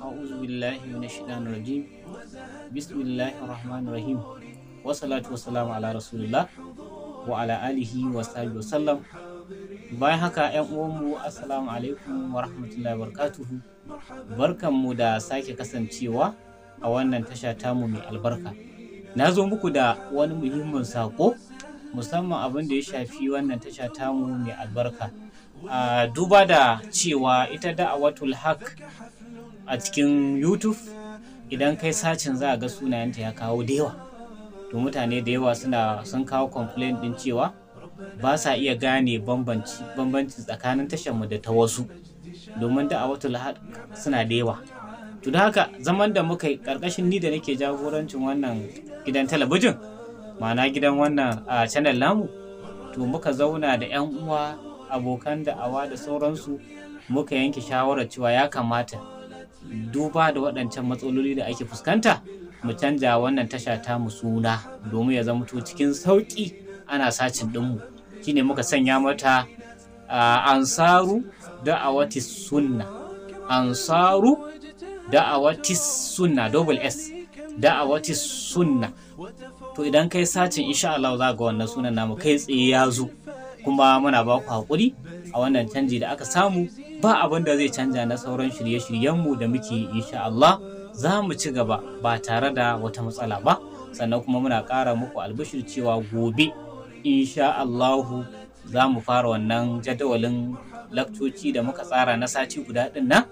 a'udhu billahi minash shaitanir rajim bismillahir rahmanir rahim wa salatu wassalamu ala rasulillah wa ala alihi wa sahbihi bayan haka yan uwanmu assalamu alaikum wa rahmatullahi wa barakatuhu barkanmu da sake kasancewa a wannan tasha tamu mai albarka na zo muku da wani muhimmin sako musamman abin da ya shafi wannan tasha tamu mai albarka Uh, duba da cewa ita da'awatul haq a cikin youtube idan kai sacin za a ga sunayenta ya kawo da yawa to mutane da yawa suna sun kawo complain din cewa ba sa iya gane bambanci bambanci tsakanin mu da ta wasu domin da a wata suna da yawa to da haka zaman da muka yi karkashin ni da nake jagorancin wannan gidan talabijin ma'ana gidan wannan a channel namu to muka zauna da 'yan uwa abokan da da'awa da sauransu muka yanke shawarar cewa ya kamata duba da waɗancan matsaloli da ake fuskanta mu canja wannan tasha ta mu suna domin ya zama cikin sauƙi ana sacin ɗinmu shine muka sanya mata ansaru da'awati sunna ansaru da'awati sunna double s da'awati sunna to idan kai sacin insha Allah za ga wannan sunan namu kai tsaye ya zo kuma muna ba ku haƙuri a wannan canji da aka samu ba abin da zai canja na sauran shirye-shiryenmu da muke yi insha Allah za mu ci gaba ba tare da wata matsala ba sannan kuma muna ƙara muku albishir cewa gobe insha Allahu za mu fara wannan jadawalin laktoci da muka tsara na sati guda ɗin nan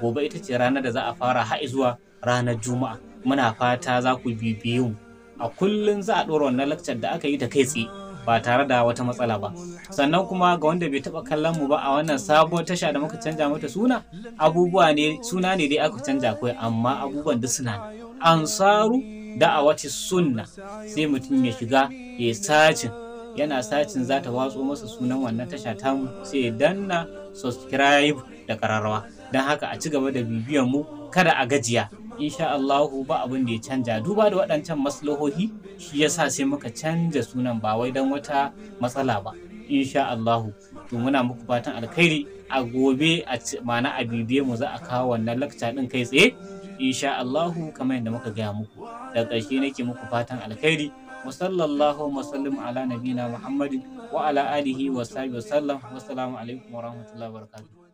gobe ita ce ranar da za a fara ha'i zuwa ranar juma'a muna fata za ku bibiyu a kullum za a ɗora wannan lakcar da aka yi ta kai tsaye ba tare da wata matsala ba sannan kuma ga wanda bai taba kallon mu ba a wannan sabuwar tasha da muka canja mata suna abubuwa ne suna ne dai aka canja kawai amma abubuwan duk suna ansaru wace sunna sai mutum ya shiga ya sacin yana sacin za ta watso masa sunan wannan tasha mu sai ya danna subscribe da kararrawa don haka a ci gaba da bibiyan mu kada a gajiya insha Allahu ba abin da ya canja duba da waɗancan maslahohi shi yasa sai muka canja sunan ba wai don wata matsala ba insha Allahu to muna muku fatan alkhairi a gobe a mana a bibiye mu za a kawo wannan lakca din kai tsaye insha Allahu kamar yadda muka gaya muku daga ƙarshe nake muku fatan alkhairi musallallahu sallallahu wa sallim ala nabina Muhammadin wa ala alihi wa sahbihi alaikum wa rahmatullahi